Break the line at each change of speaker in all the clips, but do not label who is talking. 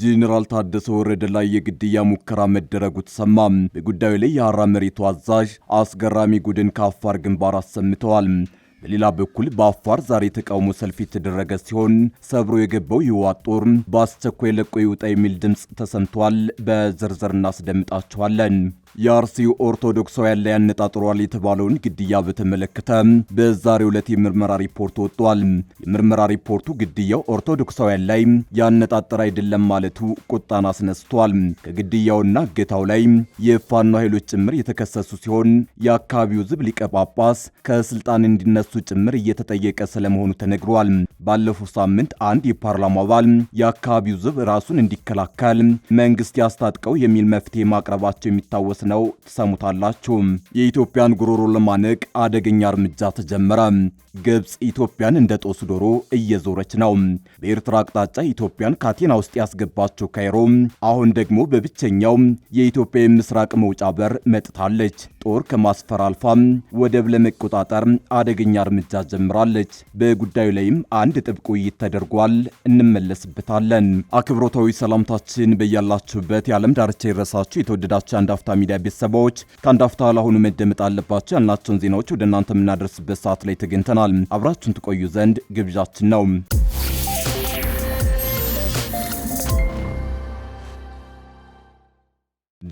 ጄኔራል ታደሰ ወረደ ላይ የግድያ ሙከራ መደረጉ ተሰማ። በጉዳዩ ላይ የሐራ መሬቱ አዛዥ አስገራሚ ጉድን ከአፋር ግንባር አሰምተዋል። በሌላ በኩል በአፋር ዛሬ ተቃውሞ ሰልፍ የተደረገ ሲሆን ሰብሮ የገባው የህወሓት ጦር በአስቸኳይ ለቆ ይውጣ የሚል ድምፅ ተሰምቷል። በዝርዝር እናስደምጣቸዋለን። የአርሲው ኦርቶዶክሳውያን ላይ ያነጣጥሯል የተባለውን ግድያ በተመለከተ በዛሬው ዕለት የምርመራ ሪፖርት ወጥቷል። የምርመራ ሪፖርቱ ግድያው ኦርቶዶክሳውያን ላይ ያነጣጠረ አይደለም ማለቱ ቁጣን አስነስቷል። ከግድያውና እገታው ላይ የፋኖ ኃይሎች ጭምር የተከሰሱ ሲሆን የአካባቢው ዝብ ሊቀ ጳጳስ ከስልጣን እንዲነሱ ጭምር እየተጠየቀ ስለመሆኑ ተነግሯል። ባለፈው ሳምንት አንድ የፓርላማ አባል የአካባቢው ዝብ ራሱን እንዲከላከል መንግስት ያስታጥቀው የሚል መፍትሄ ማቅረባቸው የሚታወስ ማለት ነው። ትሰሙታላችሁ። የኢትዮጵያን ጉሮሮ ለማነቅ አደገኛ እርምጃ ተጀመረ። ግብፅ ኢትዮጵያን እንደ ጦስ ዶሮ እየዞረች ነው። በኤርትራ አቅጣጫ ኢትዮጵያን ካቴና ውስጥ ያስገባችው ካይሮ አሁን ደግሞ በብቸኛው የኢትዮጵያ የምስራቅ መውጫ በር መጥታለች። ጦር ከማስፈር አልፋ ወደብ ለመቆጣጠር አደገኛ እርምጃ ጀምራለች። በጉዳዩ ላይም አንድ ጥብቅ ውይይት ተደርጓል። እንመለስበታለን። አክብሮታዊ ሰላምታችን በያላችሁበት የዓለም ዳርቻ የረሳችሁ የተወደዳችሁ የአንዳፍታ ሚዲያ ቤተሰባዎች ከአንዳፍታ ለአሁኑ መደመጥ አለባቸው ያልናቸውን ዜናዎች ወደ እናንተ የምናደርስበት ሰዓት ላይ ተገኝተናል። ይሆናል። አብራችሁን ትቆዩ ዘንድ ግብዣችን ነው።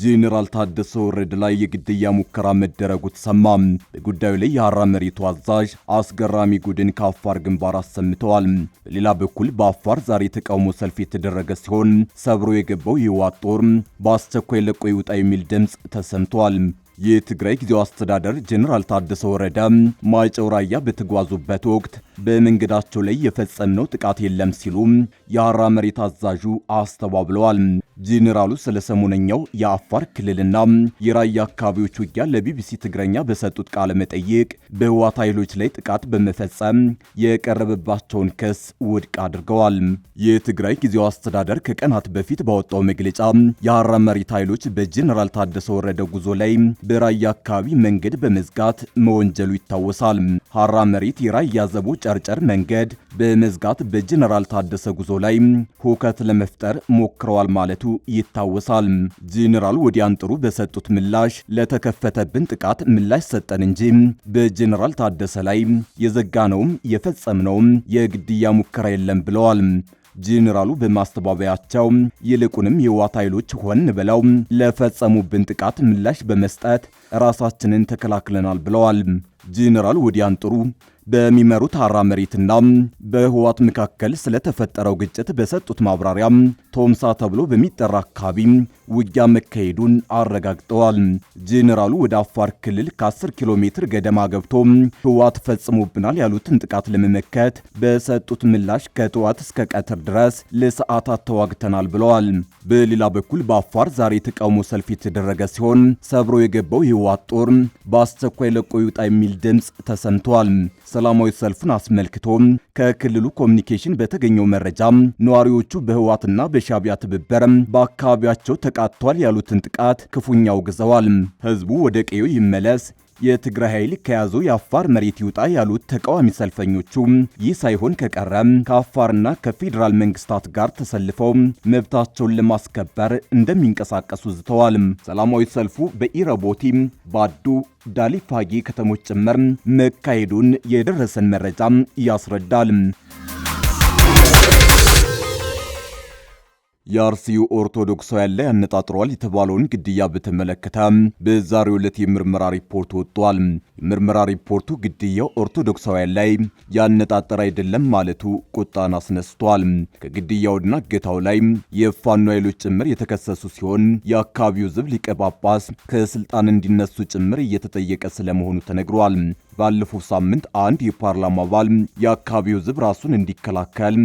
ጄኔራል ታደሰ ወረደ ላይ የግድያ ሙከራ መደረጉ ተሰማ። በጉዳዩ ላይ የሐራ መሬቱ አዛዥ አስገራሚ ጉድን ከአፋር ግንባር አሰምተዋል። በሌላ በኩል በአፋር ዛሬ የተቃውሞ ሰልፍ የተደረገ ሲሆን ሰብሮ የገባው የህወሓት ጦር በአስቸኳይ ለቆ ይውጣ የሚል ድምፅ ተሰምተዋል። የትግራይ ጊዜው አስተዳደር ጀኔራል ታደሰ ወረደ ማይጨው ራያ በተጓዙበት ወቅት በመንገዳቸው ላይ የፈጸምነው ጥቃት የለም ሲሉ የሐራ መሬት አዛዡ አስተባብለዋል። ጄኔራሉ ስለ ሰሞነኛው የአፋር ክልልና የራያ አካባቢዎች ውጊያ ለቢቢሲ ትግረኛ በሰጡት ቃለ መጠይቅ በህዋት ኃይሎች ላይ ጥቃት በመፈጸም የቀረበባቸውን ክስ ውድቅ አድርገዋል። የትግራይ ጊዜያዊ አስተዳደር ከቀናት በፊት ባወጣው መግለጫ የሐራ መሬት ኃይሎች በጄኔራል ታደሰ ወረደ ጉዞ ላይ በራያ አካባቢ መንገድ በመዝጋት መወንጀሉ ይታወሳል። ሐራ መሬት የራያ ዘቦች ማስጨርጨር መንገድ በመዝጋት በጀነራል ታደሰ ጉዞ ላይ ሁከት ለመፍጠር ሞክረዋል ማለቱ ይታወሳል። ጀነራል ወዲያን ጥሩ በሰጡት ምላሽ ለተከፈተብን ጥቃት ምላሽ ሰጠን እንጂ በጀነራል ታደሰ ላይ የዘጋነውም የፈጸምነውም የግድያ ሙከራ የለም ብለዋል። ጄኔራሉ በማስተባበያቸው ይልቁንም የህወሓት ኃይሎች ሆን ብለው ለፈጸሙብን ጥቃት ምላሽ በመስጠት ራሳችንን ተከላክለናል ብለዋል። ጄኔራል ወዲያን ጥሩ በሚመሩት አራ መሬትና በህዋት መካከል ስለተፈጠረው ግጭት በሰጡት ማብራሪያ ቶምሳ ተብሎ በሚጠራ አካባቢ ውጊያ መካሄዱን አረጋግጠዋል። ጄኔራሉ ወደ አፋር ክልል ከ10 ኪሎ ሜትር ገደማ ገብቶ ህዋት ፈጽሞብናል ያሉትን ጥቃት ለመመከት በሰጡት ምላሽ ከጠዋት እስከ ቀትር ድረስ ለሰዓታት ተዋግተናል ብለዋል። በሌላ በኩል በአፋር ዛሬ የተቃውሞ ሰልፍ የተደረገ ሲሆን ሰብሮ የገባው የህዋት ጦር በአስቸኳይ ለቆ ይውጣ የሚል ድምፅ ተሰምቷል። ሰላማዊ ሰልፉን አስመልክቶ ከክልሉ ኮሚኒኬሽን በተገኘው መረጃ ነዋሪዎቹ በህዋትና በሻቢያ ትብብር በአካባቢያቸው ተቃጥቷል ያሉትን ጥቃት ክፉኛ አውግዘዋል። ህዝቡ ወደ ቀዬው ይመለስ የትግራይ ኃይል ከያዘው የአፋር መሬት ይውጣ ያሉት ተቃዋሚ ሰልፈኞቹ ይህ ሳይሆን ከቀረ ከአፋርና ከፌዴራል መንግስታት ጋር ተሰልፈው መብታቸውን ለማስከበር እንደሚንቀሳቀሱ ዝተዋል። ሰላማዊ ሰልፉ በኢረቦቲ፣ ባዱ፣ ዳሊፋጌ ከተሞች ጭምር መካሄዱን የደረሰን መረጃ ያስረዳል። የአርሲው ኦርቶዶክሳውያን ላይ ያነጣጥሯል የተባለውን ግድያ በተመለከተ በዛሬው ዕለት የምርመራ ሪፖርት ወጥቷል። የምርመራ ሪፖርቱ ግድያው ኦርቶዶክሳውያን ላይ ያነጣጠረ አይደለም ማለቱ ቁጣን አስነስቷል። ከግድያውና እገታው ላይ የፋኖ ኃይሎች ጭምር የተከሰሱ ሲሆን የአካባቢው ዝብ ሊቀ ጳጳስ ከስልጣን እንዲነሱ ጭምር እየተጠየቀ ስለመሆኑ ተነግሯል። ባለፈው ሳምንት አንድ የፓርላማ አባል የአካባቢው ህዝብ ራሱን እንዲከላከል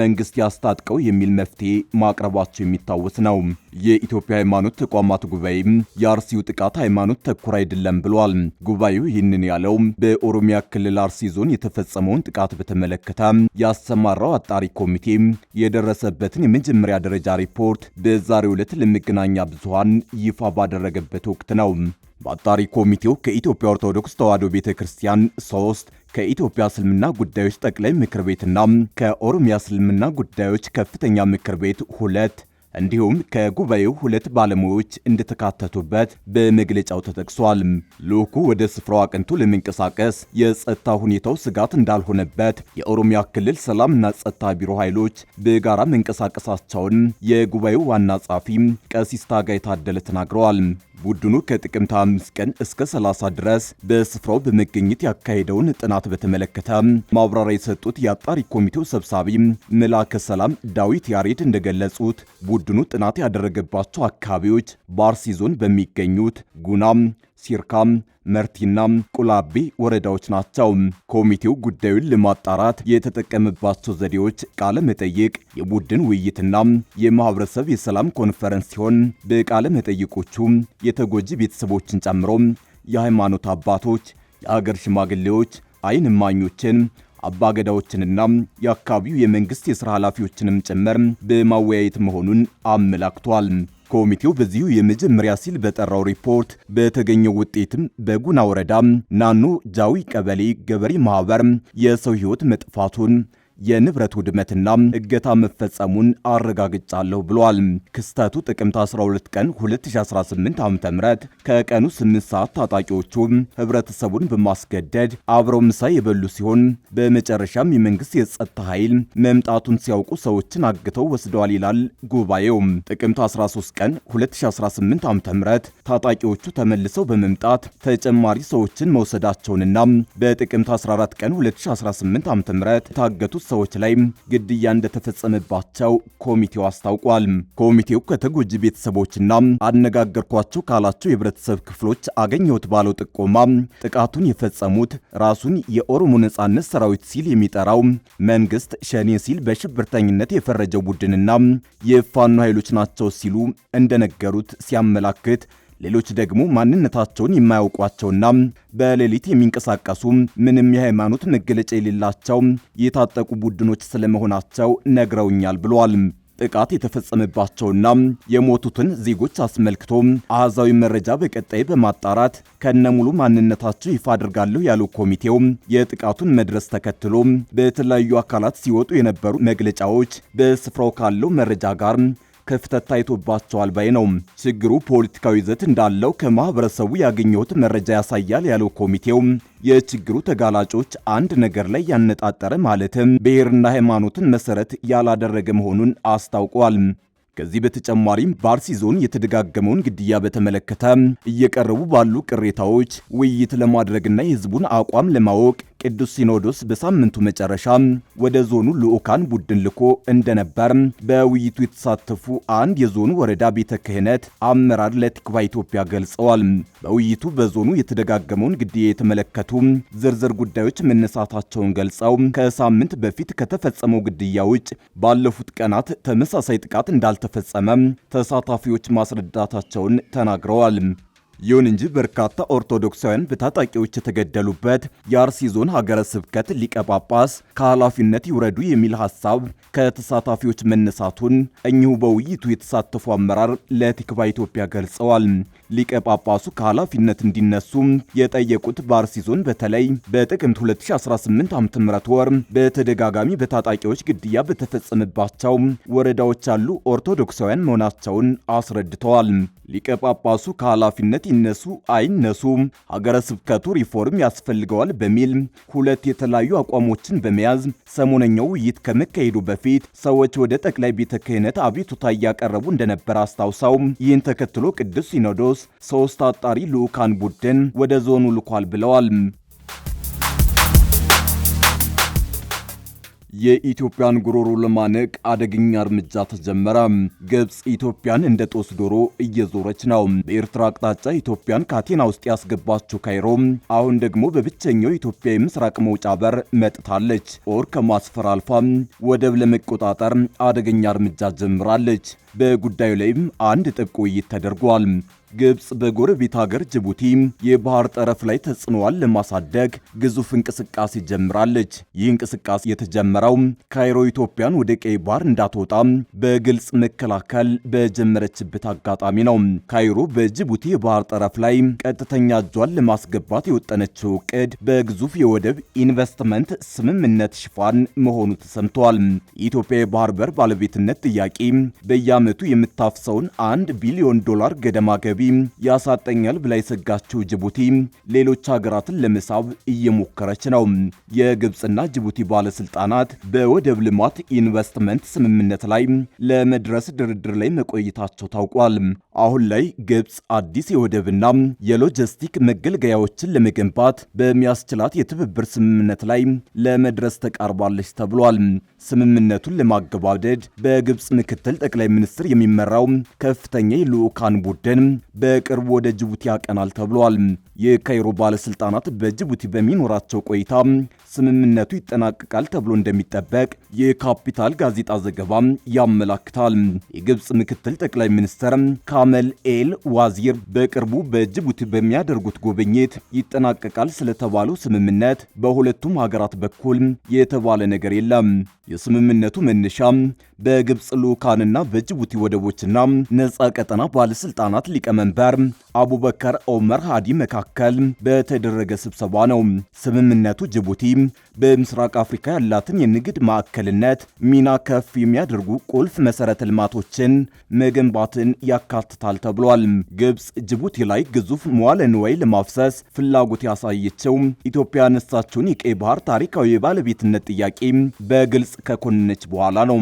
መንግስት ያስታጥቀው የሚል መፍትሄ ማቅረባቸው የሚታወስ ነው። የኢትዮጵያ ሃይማኖት ተቋማት ጉባኤ የአርሲው ጥቃት ሃይማኖት ተኩር አይደለም ብሏል። ጉባኤው ይህንን ያለው በኦሮሚያ ክልል አርሲ ዞን የተፈጸመውን ጥቃት በተመለከተ ያሰማራው አጣሪ ኮሚቴ የደረሰበትን የመጀመሪያ ደረጃ ሪፖርት በዛሬው ዕለት ለመገናኛ ብዙሃን ይፋ ባደረገበት ወቅት ነው። በአጣሪ ኮሚቴው ከኢትዮጵያ ኦርቶዶክስ ተዋሕዶ ቤተ ክርስቲያን ሶስት ከኢትዮጵያ እስልምና ጉዳዮች ጠቅላይ ምክር ቤትና ከኦሮሚያ እስልምና ጉዳዮች ከፍተኛ ምክር ቤት ሁለት እንዲሁም ከጉባኤው ሁለት ባለሙያዎች እንደተካተቱበት በመግለጫው ተጠቅሷል። ልዑኩ ወደ ስፍራው አቅንቶ ለመንቀሳቀስ የጸጥታ ሁኔታው ስጋት እንዳልሆነበት የኦሮሚያ ክልል ሰላምና ጸጥታ ቢሮ ኃይሎች በጋራ መንቀሳቀሳቸውን የጉባኤው ዋና ጸሐፊ ቀሲስ ታጋይ ታደለ ተናግረዋል። ቡድኑ ከጥቅምት 5 ቀን እስከ 30 ድረስ በስፍራው በመገኘት ያካሄደውን ጥናት በተመለከተ ማብራሪያ የሰጡት የአጣሪ ኮሚቴው ሰብሳቢ መላከ ሰላም ዳዊት ያሬድ እንደገለጹት ቡድኑ ጥናት ያደረገባቸው አካባቢዎች በአርሲ ዞን በሚገኙት ጉናም ሲርካም፣ መርቲና ቁላቤ ወረዳዎች ናቸው። ኮሚቴው ጉዳዩን ለማጣራት የተጠቀመባቸው ዘዴዎች ቃለ መጠይቅ፣ የቡድን ውይይትና የማህበረሰብ የሰላም ኮንፈረንስ ሲሆን በቃለ መጠይቆቹ የተጎጂ ቤተሰቦችን ጨምሮ የሃይማኖት አባቶች፣ የአገር ሽማግሌዎች፣ አይን እማኞችን አባገዳዎችንና የአካባቢው የመንግስት የሥራ ኃላፊዎችንም ጭምር በማወያየት መሆኑን አመላክቷል። ኮሚቴው በዚሁ የመጀመሪያ ሲል በጠራው ሪፖርት በተገኘው ውጤትም በጉና ወረዳ ናኖ ጃዊ ቀበሌ ገበሬ ማህበር የሰው ህይወት መጥፋቱን የንብረት ውድመትና እገታ መፈጸሙን አረጋግጫለሁ ብሏል። ክስተቱ ጥቅምት 12 ቀን 2018 ዓ.ም ከቀኑ 8 ሰዓት ታጣቂዎቹ ህብረተሰቡን በማስገደድ አብረው ምሳ የበሉ ሲሆን በመጨረሻም የመንግስት የጸጥታ ኃይል መምጣቱን ሲያውቁ ሰዎችን አግተው ወስደዋል ይላል ጉባኤው። ጥቅምት 13 ቀን 2018 ዓ.ም ታጣቂዎቹ ተመልሰው በመምጣት ተጨማሪ ሰዎችን መውሰዳቸውንና በጥቅምት 14 ቀን 2018 ዓ.ም የታገቱት ሰዎች ላይ ግድያ እንደተፈጸመባቸው ኮሚቴው አስታውቋል። ኮሚቴው ከተጎጂ ቤተሰቦችና አነጋገርኳቸው ካላቸው የህብረተሰብ ክፍሎች አገኘሁት ባለው ጥቆማ ጥቃቱን የፈጸሙት ራሱን የኦሮሞ ነጻነት ሰራዊት ሲል የሚጠራው መንግስት ሸኔ ሲል በሽብርተኝነት የፈረጀው ቡድንና የፋኖ ኃይሎች ናቸው ሲሉ እንደነገሩት ሲያመላክት ሌሎች ደግሞ ማንነታቸውን የማያውቋቸውና በሌሊት የሚንቀሳቀሱ ምንም የሃይማኖት መገለጫ የሌላቸው የታጠቁ ቡድኖች ስለመሆናቸው ነግረውኛል ብለዋል። ጥቃት የተፈጸመባቸውና የሞቱትን ዜጎች አስመልክቶ አሃዛዊ መረጃ በቀጣይ በማጣራት ከነሙሉ ማንነታቸው ይፋ አድርጋለሁ ያለው ኮሚቴው የጥቃቱን መድረስ ተከትሎ በተለያዩ አካላት ሲወጡ የነበሩ መግለጫዎች በስፍራው ካለው መረጃ ጋር ክፍተት ታይቶባቸዋል ባይ ነው። ችግሩ ፖለቲካዊ ይዘት እንዳለው ከማህበረሰቡ ያገኘሁት መረጃ ያሳያል ያለው ኮሚቴው የችግሩ ተጋላጮች አንድ ነገር ላይ ያነጣጠረ ማለትም ብሔርና ሃይማኖትን መሰረት ያላደረገ መሆኑን አስታውቋል። ከዚህ በተጨማሪም በአርሲ ዞን የተደጋገመውን ግድያ በተመለከተ እየቀረቡ ባሉ ቅሬታዎች ውይይት ለማድረግና የህዝቡን አቋም ለማወቅ ቅዱስ ሲኖዶስ በሳምንቱ መጨረሻ ወደ ዞኑ ልዑካን ቡድን ልኮ እንደነበር በውይይቱ የተሳተፉ አንድ የዞኑ ወረዳ ቤተ ክህነት አመራር ለቲክባ ኢትዮጵያ ገልጸዋል። በውይይቱ በዞኑ የተደጋገመውን ግድያ የተመለከቱ ዝርዝር ጉዳዮች መነሳታቸውን ገልጸው ከሳምንት በፊት ከተፈጸመው ግድያ ውጭ ባለፉት ቀናት ተመሳሳይ ጥቃት እንዳልተፈጸመ ተሳታፊዎች ማስረዳታቸውን ተናግረዋል። ይሁን እንጂ በርካታ ኦርቶዶክሳውያን በታጣቂዎች የተገደሉበት የአርሲ ዞን ሀገረ ስብከት ሊቀ ጳጳስ ከኃላፊነት ይውረዱ የሚል ሀሳብ ከተሳታፊዎች መነሳቱን እኚሁ በውይይቱ የተሳተፉ አመራር ለቲክባ ኢትዮጵያ ገልጸዋል። ሊቀ ጳጳሱ ከኃላፊነት እንዲነሱ የጠየቁት በአርሲ ዞን በተለይ በጥቅምት 2018 ዓ ም ወር በተደጋጋሚ በታጣቂዎች ግድያ በተፈጸመባቸው ወረዳዎች ያሉ ኦርቶዶክሳውያን መሆናቸውን አስረድተዋል። ሊቀ ጳጳሱ ከኃላፊነት ይነሱ አይነሱም ሀገረ ስብከቱ ሪፎርም ያስፈልገዋል በሚል ሁለት የተለያዩ አቋሞችን በመያዝ ሰሞነኛው ውይይት ከመካሄዱ በፊት ሰዎች ወደ ጠቅላይ ቤተ ክህነት አቤቱታ እያቀረቡ እንደነበር አስታውሰው ይህን ተከትሎ ቅዱስ ሲኖዶስ ሶስት አጣሪ ልዑካን ቡድን ወደ ዞኑ ልኳል ብለዋል። የኢትዮጵያን ጉሮሮ ለማነቅ አደገኛ እርምጃ ተጀመረ። ግብፅ ኢትዮጵያን እንደ ጦስ ዶሮ እየዞረች ነው። በኤርትራ አቅጣጫ ኢትዮጵያን ከአቴና ውስጥ ያስገባችው ካይሮ አሁን ደግሞ በብቸኛው ኢትዮጵያ የምስራቅ መውጫ በር መጥታለች። ጦር ከማስፈር አልፋ ወደብ ለመቆጣጠር አደገኛ እርምጃ ጀምራለች። በጉዳዩ ላይም አንድ ጥብቅ ውይይት ተደርጓል። ግብጽ በጎረቤት ሀገር ጅቡቲ የባህር ጠረፍ ላይ ተጽዕኖዋን ለማሳደግ ግዙፍ እንቅስቃሴ ጀምራለች። ይህ እንቅስቃሴ የተጀመረው ካይሮ ኢትዮጵያን ወደ ቀይ ባህር እንዳትወጣ በግልጽ መከላከል በጀመረችበት አጋጣሚ ነው። ካይሮ በጅቡቲ የባህር ጠረፍ ላይ ቀጥተኛ እጇን ለማስገባት የወጠነችው እቅድ በግዙፍ የወደብ ኢንቨስትመንት ስምምነት ሽፋን መሆኑ ተሰምተዋል። የኢትዮጵያ የባህር በር ባለቤትነት ጥያቄ በየዓመቱ የምታፍሰውን አንድ ቢሊዮን ዶላር ገደማ ገቢ ገቢ ያሳጠኛል ብላ የሰጋችው ጅቡቲ ሌሎች ሀገራትን ለመሳብ እየሞከረች ነው። የግብፅና ጅቡቲ ባለስልጣናት በወደብ ልማት ኢንቨስትመንት ስምምነት ላይ ለመድረስ ድርድር ላይ መቆየታቸው ታውቋል። አሁን ላይ ግብፅ አዲስ የወደብና የሎጂስቲክ መገልገያዎችን ለመገንባት በሚያስችላት የትብብር ስምምነት ላይ ለመድረስ ተቃርባለች ተብሏል። ስምምነቱን ለማገባደድ በግብፅ ምክትል ጠቅላይ ሚኒስትር የሚመራው ከፍተኛ የልዑካን ቡድን በቅርቡ ወደ ጅቡቲ ያቀናል ተብሏል። የካይሮ ባለስልጣናት በጅቡቲ በሚኖራቸው ቆይታ ስምምነቱ ይጠናቀቃል ተብሎ እንደሚጠበቅ የካፒታል ጋዜጣ ዘገባ ያመላክታል። የግብፅ ምክትል ጠቅላይ ሚኒስትር አመል ኤል ዋዚር በቅርቡ በጅቡቲ በሚያደርጉት ጉብኝት ይጠናቀቃል ስለተባለው ስምምነት በሁለቱም ሀገራት በኩል የተባለ ነገር የለም። የስምምነቱ መነሻ በግብፅ ልዑካንና በጅቡቲ ወደቦችና ነጻ ቀጠና ባለስልጣናት ሊቀመንበር አቡበከር ኦመር ሃዲ መካከል በተደረገ ስብሰባ ነው። ስምምነቱ ጅቡቲ በምስራቅ አፍሪካ ያላትን የንግድ ማዕከልነት ሚና ከፍ የሚያደርጉ ቁልፍ መሰረተ ልማቶችን መገንባትን ያካት ያካትታል ተብሏል። ግብጽ ጅቡቲ ላይ ግዙፍ መዋለ ንዋይ ለማፍሰስ ፍላጎት ያሳየችው ኢትዮጵያ ያነሳችውን የቀይ ባህር ታሪካዊ የባለቤትነት ጥያቄ በግልጽ ከኮንነች በኋላ ነው።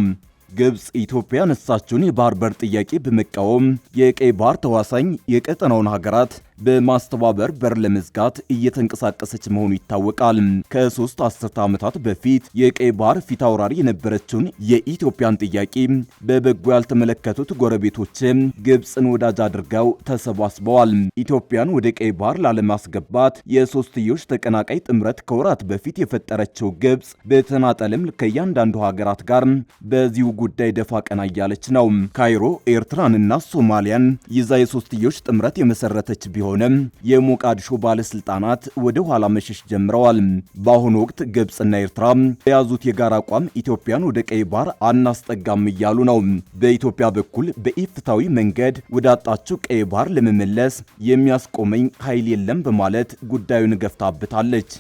ግብጽ ኢትዮጵያ ያነሳችውን የባህር በር ጥያቄ በመቃወም የቀይ ባህር ተዋሳኝ የቀጠናውን ሀገራት በማስተባበር በር ለመዝጋት እየተንቀሳቀሰች መሆኑ ይታወቃል። ከሶስት አስርተ ዓመታት በፊት የቀይ ባህር ፊት አውራሪ የነበረችውን የኢትዮጵያን ጥያቄ በበጎ ያልተመለከቱት ጎረቤቶች ግብፅን ወዳጅ አድርገው ተሰባስበዋል። ኢትዮጵያን ወደ ቀይ ባህር ላለማስገባት የሶስትዮሽ ተቀናቃይ ጥምረት ከወራት በፊት የፈጠረችው ግብፅ በተናጠልም ከእያንዳንዱ ሀገራት ጋር በዚሁ ጉዳይ ደፋ ቀና እያለች ነው። ካይሮ ኤርትራንና ሶማሊያን ይዛ የሶስትዮሽ ጥምረት የመሰረተች ቢሆን ቢሆንም የሞቃዲሾ ባለስልጣናት ወደ ኋላ መሸሽ ጀምረዋል። በአሁኑ ወቅት ግብፅና ኤርትራ የያዙት የጋራ አቋም ኢትዮጵያን ወደ ቀይ ባህር አናስጠጋም እያሉ ነው። በኢትዮጵያ በኩል በኢፍታዊ መንገድ ወዳጣችው ቀይ ባህር ለመመለስ የሚያስቆመኝ ኃይል የለም በማለት ጉዳዩን ገፍታብታለች።